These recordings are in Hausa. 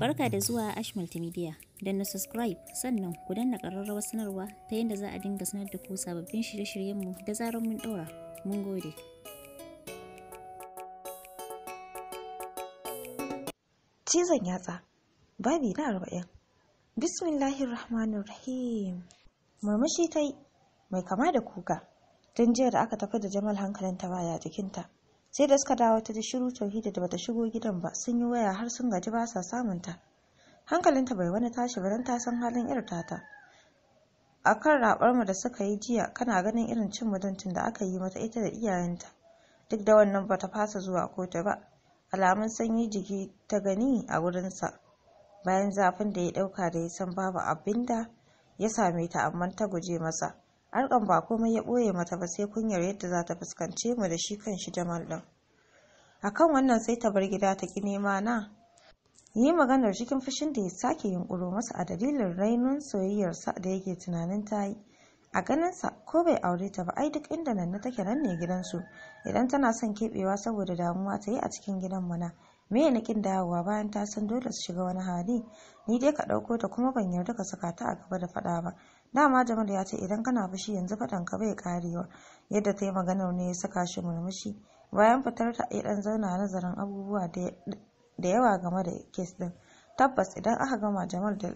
Barka da zuwa Ash Multimedia. Don na subscribe sannan ku danna ƙararrawar sanarwa ta yadda za a dinga sanar da ku sababbin shirye-shiryenmu da zarar mun ɗora. Mun gode. Cizon yatsa, babi na arba'in. Bismillahir Rahmanir Rahim. Murmushi ta yi, mai kama da kuka, don jiya da aka tafi da Jamal hankalin ta baya jikinta. sai da suka dawo ta ji shiru tauhida da bata shigo gidan ba sun yi waya har sun gaji ba sa samun ta hankalinta bai wani tashi ba ta san halin irin tata a kan rabar mu da suka yi jiya kana ganin irin cin mutuncin da aka yi mata ita da iyayenta duk da wannan bata fasa zuwa kotu ba alamun sanyi jiki ta gani a wurinsa bayan zafin da ya dauka da ya san babu abinda ya same ta amma ta guje masa arkan ba komai ya ɓoye mata ba sai kunyar yadda za ta fuskance mu da shi kan shi jamal ɗin akan wannan sai ta bar gida ta ki nema na yi maganar cikin fushin da ya sake yunkuro masa a dalilin rainun soyayyarsa da yake tunanin ta yi a ganinsa ko bai aure ta ba ai duk inda nan take nan ne gidansu idan tana son keɓewa saboda damuwa ta yi a cikin gidan mana me na kin dawowa bayan ta san dole su shiga wani hali ni dai ka ɗauko ta kuma ban yarda ka saka ta a gaba da faɗa ba dama jamal ya ce idan kana fushi yanzu faɗan ka bai karewa yadda ta yi maganar ne ya saka shi murmushi bayan fitar ta ya dan zauna nazarin abubuwa da yawa game da kes ɗin tabbas idan aka gama jamal da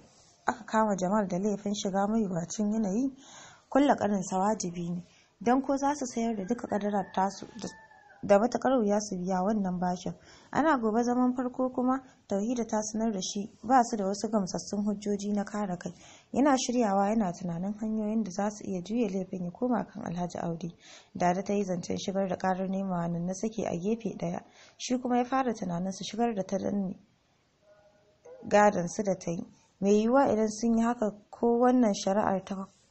aka kama jamal da laifin shiga wacin yanayi kulla sa wajibi ne don ko za su sayar da duka kadarar tasu da matakar wuya su biya wannan bashin ana gobe zaman farko kuma tauhida ta sanar da shi ba su da wasu gamsassun hujjoji na kare kai yana shiryawa yana tunanin hanyoyin da za su iya juya laifin ya koma kan alhaji audi da ta yi zancen shigar da karar nema nan na sake a gefe daya shi kuma ya fara tunanin su shigar da ta danne gadon su da ta yi mai yiwuwa idan sun yi haka ko wannan shari'ar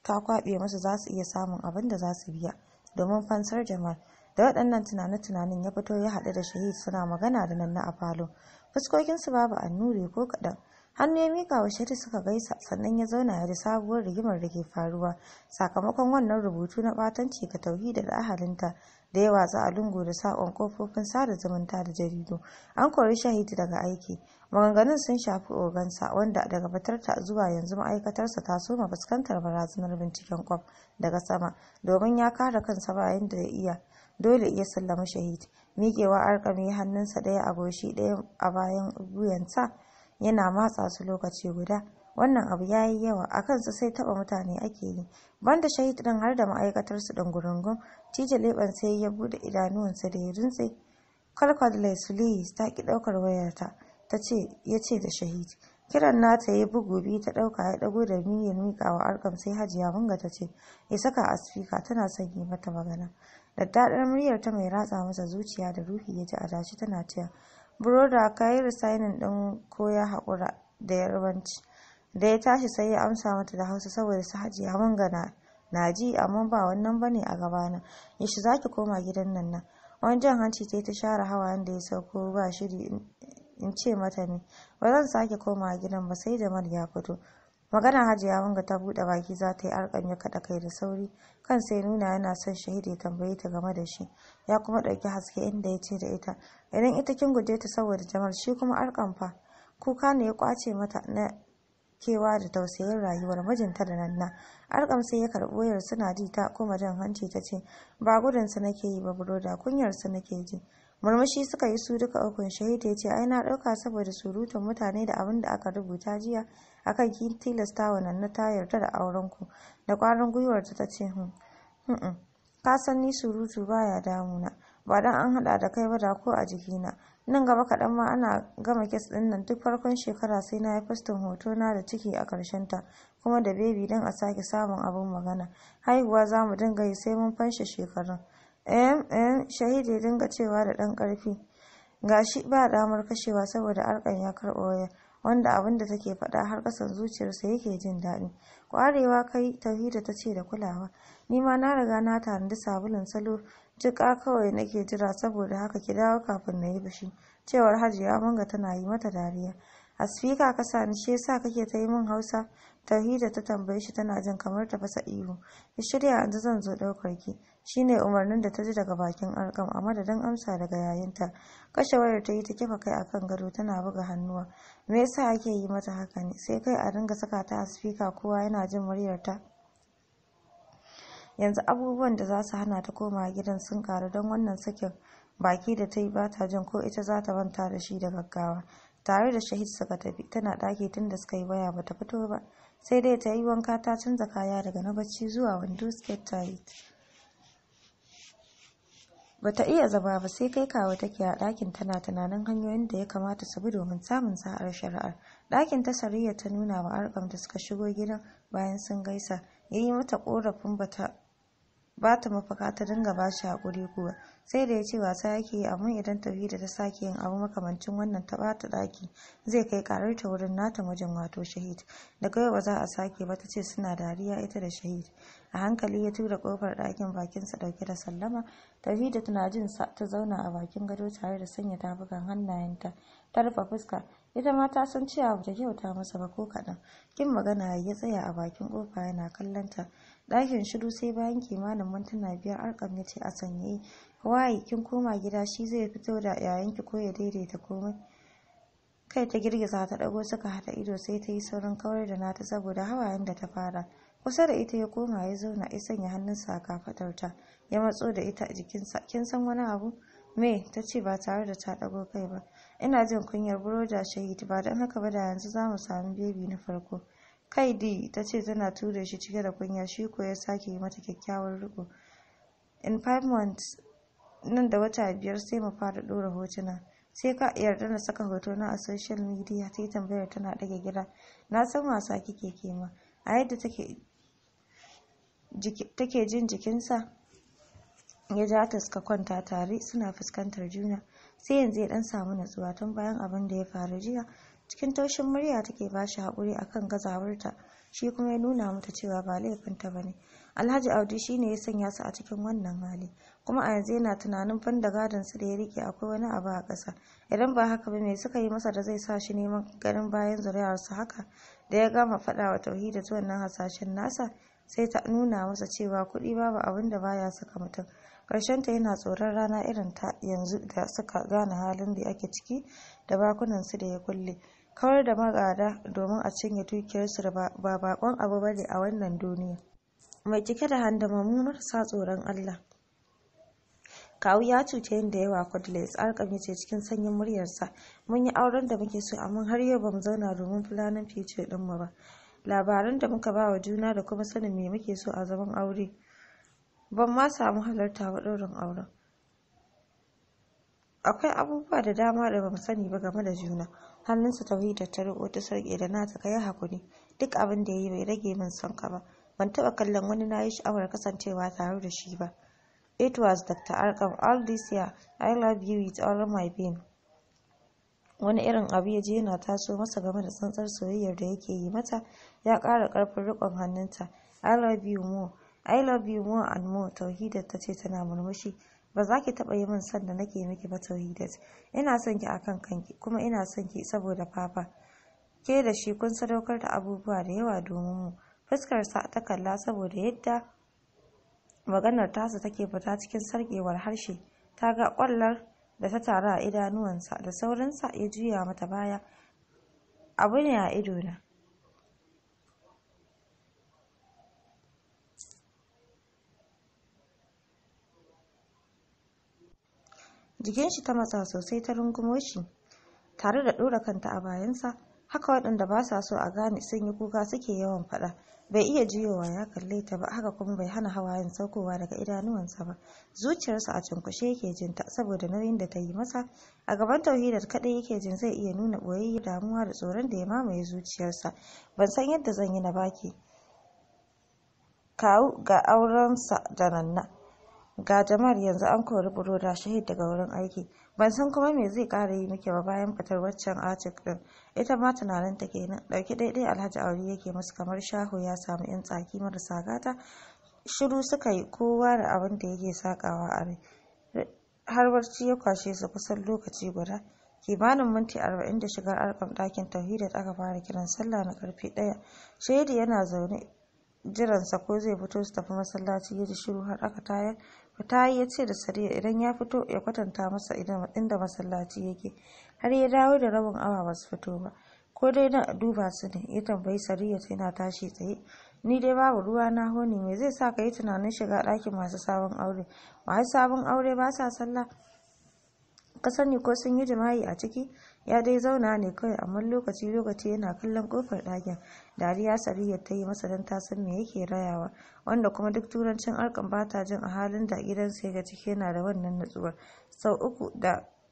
ta kwaɓe musu za su iya samun abin da za su biya domin fansar jamal da waɗannan tunane-tunanen ya fito ya haɗu da shahid suna magana da nan na afalo fuskokinsu babu annuri ko kaɗan hannu ya mika wa shari suka gaisa sannan ya zauna ya ji sabuwar rigimar da ke faruwa sakamakon wannan rubutu na ɓatanci, ga tauhida da ahalinta da ya watsa a lungu da sakon kofofin sada zumunta da jaridu an kori shahid daga aiki maganganun sun shafi ogansa wanda daga fitarta zuwa yanzu ma'aikatarsa ta soma fuskantar barazanar binciken kwaf daga sama domin ya kare kansa bayan da ya iya dole iya sallama shahid miƙewa arkami hannunsa ɗaya a goshi ɗaya a bayan wuyansa yana matsa su lokaci guda wannan abu ya yi yawa a kansa sai taba mutane ake yi banda shahid ɗin har da ma'aikatar su din gurungun tije leɓen sai ya buɗe idanuwansa da ya rintse kalkwad laisuli ta ki ɗaukar wayarta ya ce da shahid kiran nata ya bugu biyu ta ɗauka ya dago da miya miƙa wa arkam sai hajiya bunga ta ce ya saka a sifika tana son yi mata magana daɗar muryar ta mai ratsa masa zuciya da ruhi ya ji a tana cewa buroda ka yi risainin ko ya haƙura da yarbanci da ya tashi sai ya amsa mata da hausa saboda su hajiya bunga na ji amma ba wannan bane a gabana yaushe za zaki koma gidan nan nan wani jan hanci ta yi ta share hawayen da ya sauko ba shiri in ce mata ne ba zan sake koma gidan ba sai jamal ya fito magana hajiya wanga ta bude baki za ta yi arkan ya kaɗa kai da sauri kan sai nuna yana son shahida ya tambaye ta game da shi ya kuma ɗauki haske inda ya ce da ita idan ita kin guje ta saboda jamal shi kuma arkan fa kuka ne ya kwace mata na kewa da tausayin rayuwar mijinta da nanna arkam sai ya karɓi wayar suna ji ta kuma jan hanci ta ce ba gudunsa nake yi ba buroda kunyarsa nake ji murmushi suka yi su duka ukun shahid ya ce ai na ɗauka saboda surutun mutane da abin da aka rubuta jiya akan kin tilasta wa nan ta yarda da auren ku da kwarin gwiwar ta ta ce hun hmm, hmm, ka san ni surutu baya na. ba dan an haɗa da kai ba da ko a jikina nan gaba kaɗan ma ana gama kes ɗin nan duk farkon shekara sai na yi fastin hoto na da ciki a karshen ta kuma da bebi dan a sake samun abin magana haihuwa za mu dinga yi sai mun fanshe shekarun mm Shahidi ya dinga cewa da ɗan karfi gashi ba damar kashewa saboda arkan ya karbo waya wanda abin da take faɗa har ƙasan zuciyarsa yake jin daɗi kwarewa kai tauhida ta ce da kulawa ni ma na riga na tanadi sabulun salo jiƙa kawai nake jira saboda haka ki dawo kafin na yi bashi. cewar hajiya manga tana yi mata dariya a sifika ka sani ni shi yasa kake ta yi min hausa tauhida ta tambaye shi tana jin kamar ta fasa ihu ki shirya yanzu zan zo ɗaukar ki shine umarnin da ta ji daga bakin arkam a madadin amsa daga yayinta kashe wayar ta yi ta kifa kai akan gado tana buga hannuwa me yasa ake yi mata haka ne sai kai a dinga saka ta a sifika kowa yana jin muryarta yanzu abubuwan da za su hana ta koma gidan sun karu don wannan sakin baki da ta yi ba ta jin ko ita za ta manta da shi da gaggawa tare da shahid suka tafi tana ɗaki tun da suka yi waya ba ta fito ba sai dai ta yi wanka ta canza kaya daga na bacci zuwa wando sket tight bata iya zaba ba sai kai kawo take a ɗakin tana tunanin hanyoyin da ya kamata su bi domin samun sa'ar shari'ar ɗakin ta sariya ta nuna wa arkam da suka shigo gidan bayan sun gaisa ya yi mata korafin bata ba ta mafaka ta dinga ba shi haƙuri kuwa sai da ya ce wasa yake yi amma idan tafida ta sake yin abu makamancin wannan ta ɓata ɗaki zai kai karar ta wurin nata mijin wato shahid daga yau ba za a sake ba ta ce suna dariya ita da shahid a hankali ya tura kofar ɗakin bakin sa dauke da sallama tafida tana jin sa ta zauna a bakin gado tare da sanya tafukan hannayenta ta rufe fuska ita ma ta san cewa ba ta kyauta masa ba ko kaɗan kin magana ya tsaya a bakin kofa yana kallon ta ɗakin shiru sai bayan kimanin mintuna biyar arkam ya ce a sanye waye kin koma gida shi zai fito da yayanki ko ya daidaita komai kai ta girgiza ta ɗago suka hada ido sai ta yi saurin kawar da nata saboda hawayen da ta fara kusa da ita ya koma ya zauna ya sanya hannunsa a kafatarta ya matso da ita a jikinsa kin san wani abu me ta ce ba tare da ta ɗago kai ba ina jin kunyar buroda shahid ba don haka ba da yanzu za mu sami bebi na farko kaidi ta ce tana tura shi cike da kunya shi ko ya sake yi mata kyakkyawar riko. In five months nan da wata biyar sai mu fara ɗora hotuna. Sai ka yarda na saka hoto na a social media ta yi tambayar tana ɗage gida. Na san wasa kike kema. A yadda take take jin jikinsa ya ja ta suka kwanta tare suna fuskantar juna sai yanzu ya dan samu natsuwa tun bayan abin da ya faru jiya cikin taushin murya take ba shi haƙuri kan gazawarta shi kuma ya nuna mata cewa ba laifinta ba ne alhaji audi shi ne ya sanya su a cikin wannan hali kuma a yanzu yana tunanin ban da gadon su da ya rike akwai wani abu a ƙasa idan ba haka ba me suka yi masa da zai sa shi neman ganin bayan zuriyarsa haka da ya gama faɗa wa tauhida ta wannan hasashen nasa sai ta nuna masa cewa kuɗi babu abin da baya saka mutum ta yana tsoron rana irin ta yanzu da suka gane halin da ake ciki da su da ya kulle kawar da magada domin a cinye dukiyarsu ba bakon abu bane a wannan duniya mai cike da handamamu marasa tsoron allah kawu ya cuce yin da yawa kwadles alkami ce cikin sanyin muryarsa mun yi auren da muke so amma har yau bamu zauna domin fulanin fice dinmu ba labaran da muka ba wa juna da kuma sanin me muke so a zaman aure ban ma samu halarta wa ɗorin auren akwai abubuwa da dama da bamu sani ba game da juna hannunsa tauhida ta riko ta sarƙe da nata kai hakuri duk abin da yayi bai rage min son ka ba ban taba kallon wani nayi sha'awar kasancewa tare da shi ba it was dr arkam all this year i love you with all my being wani irin abu ya je yana taso masa game da tsantsar soyayyar da yake yi mata ya ƙara karfin riƙon hannunta i love you more i love you more and more tauhida ta ce tana murmushi ba za ki taɓa yi min son da nake miki ba tauhidat ina son ki akan kanki kuma ina son ki saboda papa ke da shi kun sadaukar da abubuwa da yawa domin mu fuskarsa ta kalla saboda yadda maganar tasa take fita cikin sarkewar harshe ta ga kwallar da ta taru a idanuwansa da saurinsa ya juya mata baya abu ne a idona jikin shi ta matsa sosai ta rungumo shi tare da ɗora kanta a bayansa haka waɗanda ba sa so a gane sun yi kuka suke yawan faɗa bai iya juyowa ya kalle ta ba haka kuma bai hana hawayen saukowa daga idanuwansa ba zuciyarsa a cunkushe yake jin ta saboda nauyin da ta yi masa a gaban tauhidar kaɗai yake jin zai iya nuna ɓoyayyen damuwa da tsoron da ya mamaye zuciyarsa ban san yadda zan yi na baki kawu ga aurensa da nanna ga jama'ar yanzu an kori buroda shahid daga wurin aiki ban san kuma me zai kara yi miki ba bayan fitar waccan atik din ita ma tunanin ta kenan dauki daidai alhaji aure yake masu kamar shaho ya samu yan tsaki marasa gata shiru suka yi kowa da abin da yake sakawa a rai har barci ya kwashe su kusan lokaci guda kimanin minti arba'in da shigar arkan ɗakin tauhidat aka fara kiran sallah na karfe ɗaya shaidu yana zaune jiransa ko zai fito su tafi masallaci ya ji shiru har aka tayar Fatayi ya ce da Sariya idan ya fito ya kwatanta masa inda masallaci yake, har ya dawo da rabin awa ba su fito ba. Ko dai na duba su ne, ya tambayi Sariya yana tashi tsaye. Ni dai babu ruwa na honi mai zai sa ka yi tunanin shiga ɗakin masu sabon aure. Masu sabon aure ba sa sallah. Ka sani ko sun yi jima'i a ciki? ya dai zauna ne kawai amma lokaci lokaci yana kallon kofar ɗakin dariya sariya ta yi masa don ta san me yake rayawa wanda kuma duk turancin arkan ba ta jin a halin da gidansa ya ga ciki yana da wannan natsuwar sau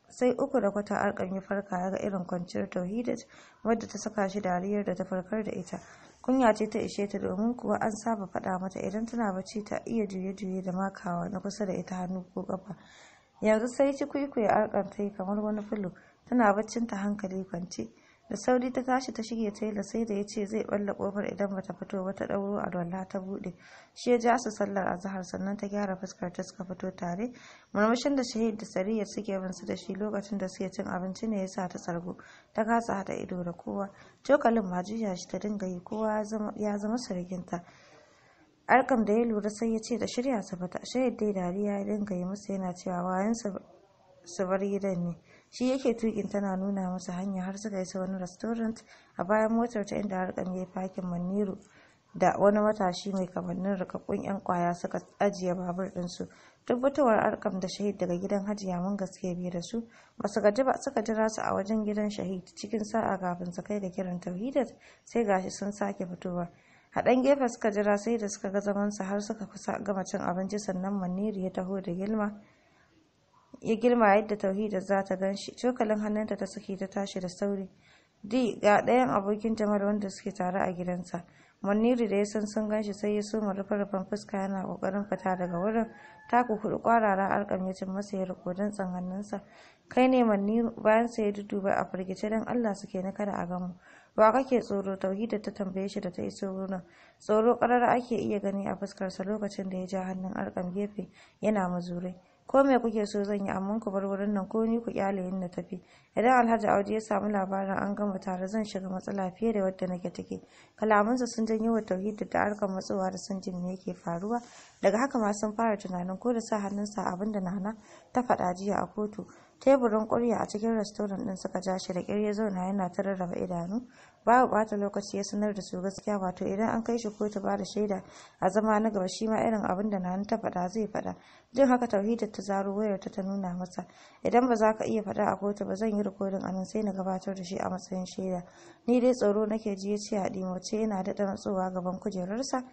sai uku da kwata arkan ya farka ya ga irin kwanciyar tauhidat wadda ta saka shi dariyar da ta farkar da ita kunya ce ta ishe ta domin kuwa an saba faɗa mata idan tana bacci ta iya juye-juye da makawa na kusa da ita hannu ko ƙafa yanzu sai ci kwikwiye arkan ta yi kamar wani fulu tana baccin ta hankali kwance da sauri ta tashi ta shige tela sai da ya ce zai balla kofar idan bata fito ba ta dauro a dolla ta bude shi ya ja su sallar azahar sannan ta gyara fuskar ta suka fito tare murmushin da shahid da sariyar suke bansu su da shi lokacin da suke cin abinci ne yasa ta tsargo ta kasa hada ido da kowa cokalin ma juya shi ta dinga yi kowa ya zama sarginta arkam da ya lura sai ya ce da shirya su fita shahid dai dariya ya dinga yi musu yana cewa wayan su bar gidan ne shi yake tukin tana nuna masa hanya har suka isa wani restaurant a bayan motar ta inda har ya fakin maniru da wani matashi mai kamannin rikakkun yan kwaya suka ajiye babur ɗinsu tabbatarwar arkam da shahid daga gidan hajiya mun gaske biyu da su ba su gaji ba suka jira su a wajen gidan shahid cikin sa'a kafin su kai da kiran tauhidat sai gashi sun sake fitowa haɗan gefe suka jira sai da suka ga zamansa har suka kusa gama cin abinci sannan maniri ya taho da gilma ya girma yadda tauhida za ta gan shi cokalin hannunta ta suke ta tashi da sauri d ga ɗayan abokin jamal wanda suke tare a gidansa maniri da ya san sun gan shi sai ya soma rufe rufen fuska yana kokarin fita daga wurin taku kuɗi kwarara alƙam ya cin masa ya riko don tsanganinsa kai ne maniru bayan sa ya duduba a firgice don allah suke na kada a gamu wa kake tsoro tauhida ta tambaye shi da ta iso wurin tsoro ƙarar ake iya gani a fuskarsa lokacin da ya ja hannun alƙam gefe yana mazurai ko me kuke so zan yi amma ku bar wurin nan ko ni ku kyale yin na tafi idan alhaji audu ya samu labarin an gama tare zan shiga matsala fiye da wadda nake take kalamansa sun janyo wa tauhid da harkar matsowa da sun jin me yake faruwa daga haka ma sun fara tunanin ko da sa hannunsa abin da nana ta faɗa jiya a kotu teburin ƙurya a cikin restoran ɗin suka ja shi da ƙyar zauna yana ta rarraba idanu babu bata lokaci ya sanar da su gaskiya wato idan an kai shi kotu ba da shaida a zama na gaba shi ma irin abin da nan ta faɗa zai faɗa jin haka tauhida ta zaro wayar ta ta nuna masa idan ba za ka iya faɗa a kotu ba zan yi rikodin anan sai na gabatar da shi a matsayin shaida ni dai tsoro nake ji ya ce a ce yana daɗa matsowa gaban kujerarsa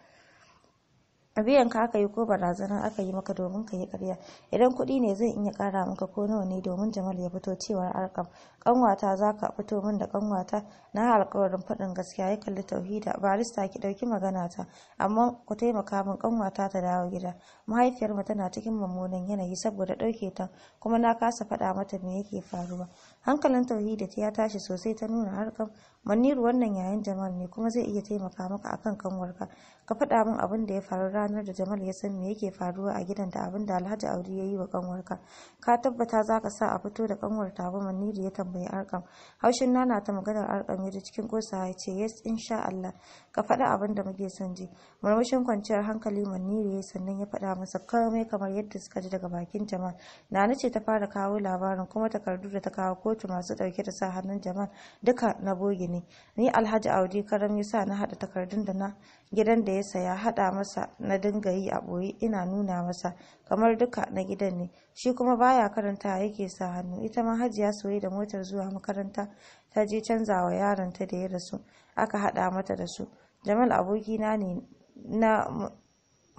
a biyan ka aka yi ko barazana aka yi maka domin ka yi karya idan kuɗi ne zan iya ƙara maka ko nawa ne domin jamal ya fito cewar arkam kanwata za ka fito min da kanwata na alƙawarin faɗin gaskiya ya kalli tauhida barista ki ɗauki magana ta amma ku taimaka min kanwata ta dawo gida mahaifiyarmu tana cikin mummunan yanayi saboda ɗauke ta kuma na kasa faɗa mata me yake faruwa hankalin tauhida ya tashi sosai ta nuna harkar maniru wannan yayin jamal ne kuma zai iya taimaka maka akan kanwarka ka faɗa min abin da ya faru ranar da jamal ya san me yake faruwa a gidan da abin da alhaji audi ya yi wa kanwarka ka tabbata za ka sa a fito da kanwar ba maniru ya tambayi arkam haushin nana ta maganar arkam ya ji cikin kosa ya ce yes insha allah ka faɗa abin da muke son ji murmushin kwanciyar hankali maniru ya sannan ya faɗa masa komai kamar yadda suka ji daga bakin jamal nana ce ta fara kawo labarin kuma takardu da ta kawo kotu masu dauke da sa hannun jamal duka na bogi ne ni alhaji audi karam yasa na hada takardun da na gidan da ya saya hada masa na dinga yi a boye ina nuna masa kamar duka na gidan ne shi kuma baya karanta yake sa hannu ita ma hajiya soyi da motar zuwa makaranta ta je canzawa yaron ta da ya rasu aka hada mata da su jamal abokina ne na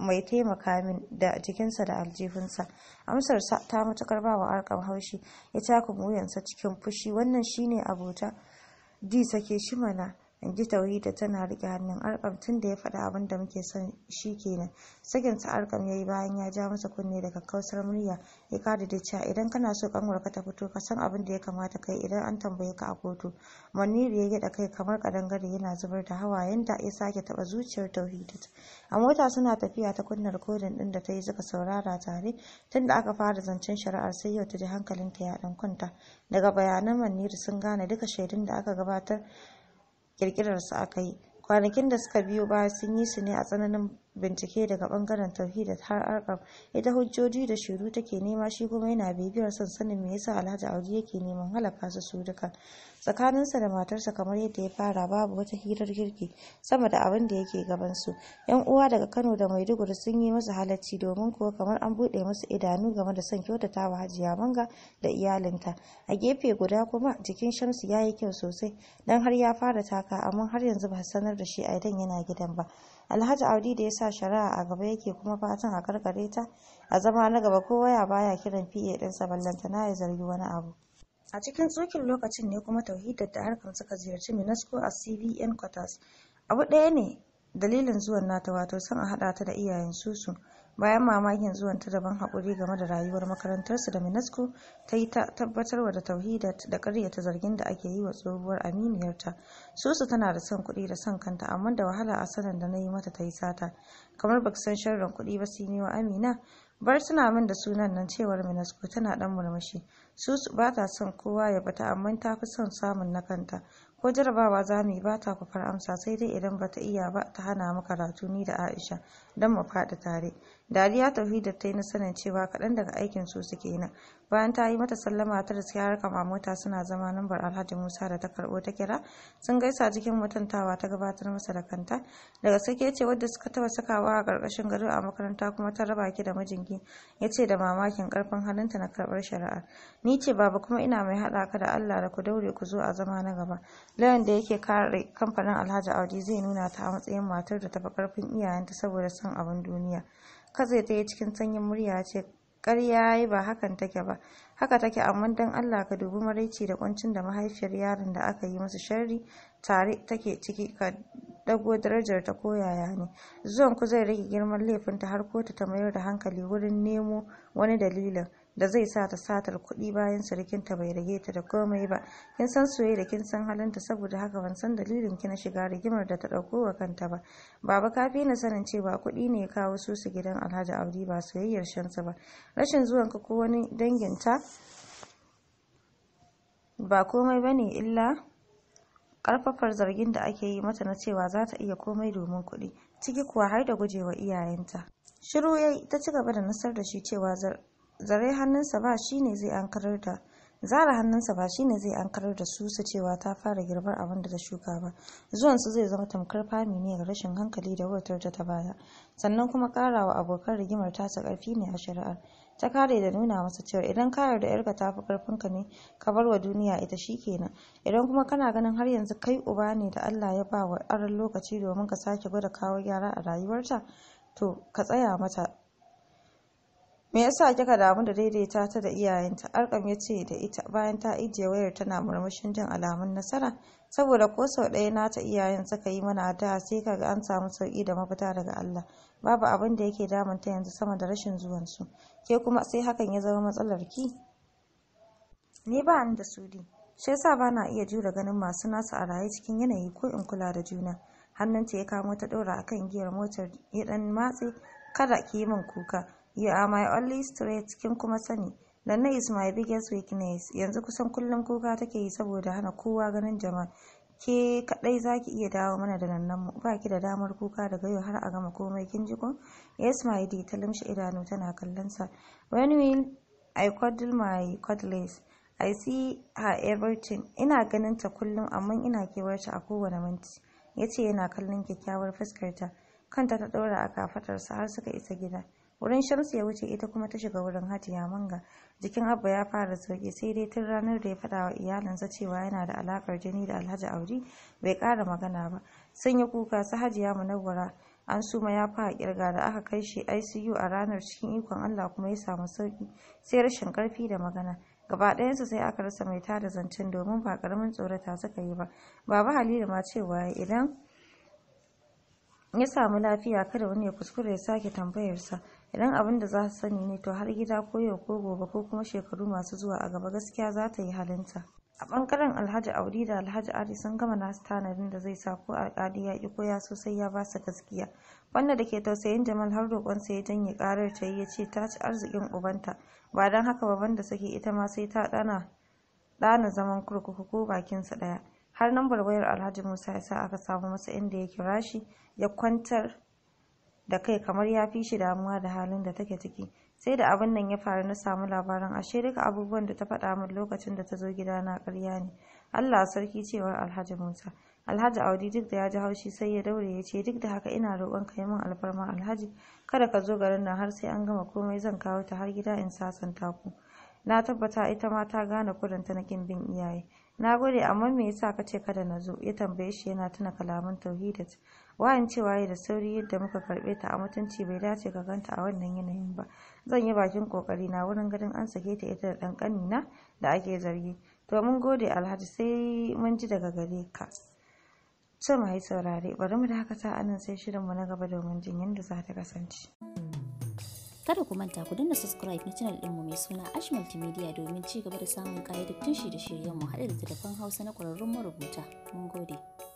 mai taimaka min da jikinsa da aljihunsa amsarsa ta matukar ba wa arkan haushi ya taka wuyansa cikin fushi wannan shine abota ji sake shi mana in ji tauhida tana rike hannun arkam tun da ya faɗi abin da muke son shi kenan sakin ta arkam ya yi bayan ya ja masa kunne daga kausar murya ya kada da cewa idan kana so warka ta fito ka san abin da ya kamata kai idan an tambaye ka a kotu maniri ya gida kai kamar kadangare yana zubar da hawayen da ya sake taba zuciyar tauhidat a mota suna tafiya ta kunnar kodin din da ta yi suka saurara tare tunda aka fara zancen shari'ar sai yau ta ji hankalinta ya dan kwanta daga bayanan maniri sun gane duka shaidun da aka gabatar kirkirar su aka yi kwanakin da suka biyo baya sun yi su ne a tsananin bincike daga bangaren tauhidat har arkam ita hujjoji da shiru take nema shi kuma yana bibiyar son sanin me yasa alhaji audu yake neman halaka su su duka tsakanin sa da matarsa kamar yadda ya fara babu wata hirar girki sama da abin da yake gaban su yan uwa daga kano da maiduguri sun yi masa halacci domin kuwa kamar an bude masa idanu game da son kyautata wa hajiya manga da iyalinta a gefe guda kuma jikin shamsu yayi kyau sosai dan har ya fara taka amma har yanzu ba sanar da shi a idan yana gidan ba alhaji audi da ya sa shari'a a gaba yake kuma fatan a karkare ta a zama na gaba ko waya baya kiran fiye ɗinsa ballantana ya zargi wani abu a cikin tsokin lokacin ne kuma tauhidar da harkar suka ziyarci minasco a cbn quarters abu ɗaya ne dalilin zuwan nata wato son a haɗa ta da iyayen susu bayan mamakin zuwanta da ban haƙuri game da rayuwar makarantarsu da minasco ta yi tabbatarwa da tauhida da karyata zargin da ake yi wa tsohuwar aminiyarta susu tana da son kuɗi da son kanta amma da wahala a sanin da na yi mata ta yi sata kamar ba san sharrin kuɗi ba su yi wa amina bar suna min da sunan nan cewar minasco tana ɗan murmushi susu ba ta son kowa ya bata amma ta fi son samun na kanta ko jarabawa za mu yi ba ta kwafar amsa sai dai idan ba ta iya ba ta hana mu karatu ni da aisha don mu faɗi tare dariya da ta yi na sanin cewa kaɗan daga aikin su suke nan bayan ta yi mata sallama ta riske har kama mota suna zama lambar alhaji musa da ta karbo ta kira sun gaisa jikin mutuntawa ta gabatar masa da kanta daga sake ce wadda suka taba sakawa a karkashin gado a makaranta kuma ta raba ki da mijinki ya ce da mamakin karfin halinta na karbar shari'ar ni ce baba kuma ina mai haɗa ka da allah da ku daure ku zo a zama na gaba layan da yake kare kamfanin alhaji audi zai nuna ta a matsayin matar da tafi karfin iyayenta saboda son abin duniya katse ta yi cikin sanyin murya ce Ƙarya ya yi ba hakan take ba. Haka take amma dan Allah ka dubi maraici da kuncin da mahaifiyar yaron da aka yi masa sharri tare take ciki ka dago darajar ta koyaya ne. Zuwan ku zai rage girman laifinta har kotu ta mayar da hankali wurin nemo wani dalilin. da zai sa ta satar kuɗi bayan sarkinta bai rage ta da komai ba kin san soyayya da kin san halinta saboda haka ban san dalilin ki na shiga rigimar da ta ɗauko wa kanta ba baba kafi na sanin cewa kuɗi ne kawo su su gidan alhaji audi ba soyayyar shansa ba rashin zuwanka ko wani ta ba komai bane illa karfafar zargin da ake yi mata na cewa za ta iya komai domin kuɗi ciki kuwa har da gujewa iyayenta shiru ya ta ci gaba da nasar da shi cewa zare hannunsa ba shi ne zai ankarar da zara hannunsa ba shine zai ankarar da su su cewa ta fara girbar abin da ta shuka ba zuwan su zai zama tamkar fami ne ga rashin hankali da wautar ta ta baya sannan kuma karawa abokan rigimar ta tasa karfi ne a shari'ar ta kare da nuna masa cewa idan ka da yarka ta fi karfinka ne ka bar wa duniya ita shi kenan idan kuma kana ganin har yanzu kai uba ne da Allah ya ba wa aran lokaci domin ka sake gwada kawo gyara a rayuwarta to ka tsaya mata me yasa kika damu da daidaita ta da iyayenta arkam ya ce da ita bayan ta ije wayar tana murmushin jin alamun nasara saboda ko sau ɗaya ta iyayen suka yi mana da sai kaga an samu sauki da mafita daga Allah babu abin da yake damunta yanzu sama da rashin zuwan su ke kuma sai hakan ya zama matsalar ki ni ba ni da sudi shi yasa ba na iya jura ganin masu nasa a raye cikin yanayi ko in kula da juna hannunta ya kamo ta ɗora akan giyar motar ya ɗan matse kada ki yi min kuka You are my only strength kin kuma sani. Lanna is my biggest weakness. Yanzu kusan kullum kuka take yi saboda hana kowa ganin jama'a. Ke kadai zaki iya dawo mana da nan mu. Ba ki da damar kuka daga yau har a gama komai kin ji ko? Yes my dear ta idanu tana kallon sa. When will I cuddle my cuddles? I see her everything. Ina ganin ta kullum amma ina kewarta a kowane minti. Yace yana kallon kyakkyawar fuskarta. Kanta ta ɗora a kafatarsa har suka isa gida. wurin shamsu ya wuce ita kuma ta shiga wurin hajiya manga jikin abba ya fara sauki sai dai tun ranar da ya faɗa wa iyalinsa cewa yana da alakar jini da alhaji audi bai ƙara magana ba sun yi kuka su hajiya munawwara an suma ya fara kirga da aka kai shi icu a ranar cikin ikon allah kuma ya samu sauki sai rashin karfi da magana gaba ɗayansu sai aka rasa mai tada zancen domin ba ƙaramin tsorata suka yi ba baba halilu ma cewa idan ya samu lafiya kada wani ya kuskure ya sake tambayarsa idan abin da za su sani ne to har gida ko yau ko gobe ko kuma shekaru masu zuwa a gaba gaskiya za ta yi halinta a bangaren alhaji audi da alhaji ari sun gama nasu tanadin da zai sa ko alkali ya ki ko ya so sai ya ba su gaskiya wanda da ke tausayin jamal har roƙonsa ya janye karar ta yi ya ce ta ci arzikin ubanta ba don haka ba da suke ita ma sai ta ɗana ɗana zaman kurkuku ko bakinsa ɗaya har nan wayar alhaji musa ya sa aka samu masa inda ya kira shi ya kwantar da kai kamar ya fi shi damuwa da halin da take ciki sai da abin nan ya faru na samu labarin ashe duka abubuwan da ta faɗa min lokacin da ta zo na ƙarya ne Allah sarki cewar Alhaji Musa Alhaji Audi duk da ya ji haushi sai ya daure ya ce duk da haka ina roƙon ka yi min alfarma Alhaji kada ka zo garin nan har sai an gama komai zan kawo ta har gida in sasanta ku na tabbata ita ma ta gane ta na kin bin iyaye na gode amma me yasa ka ce kada na zo ya tambaye shi yana tuna kalaman tauhidat wayan cewa da sauri yadda muka karbe ta a mutunci bai dace ka ganta a wannan yanayin ba zan yi bakin kokari na wurin ganin an sake ta ita da dan kanina da ake zargi to mun gode alhaji sai mun ji daga gare ka mu yi saurare bari mu dakata nan sai shirin mu na gaba domin jin yadda za ta kasance kada ku manta ku danna subscribe na channel ɗinmu mai suna ash multimedia domin ci gaba da samun ƙayyadattun shi da shiryenmu haɗe da telefon hausa na ƙwararrun marubuta mun gode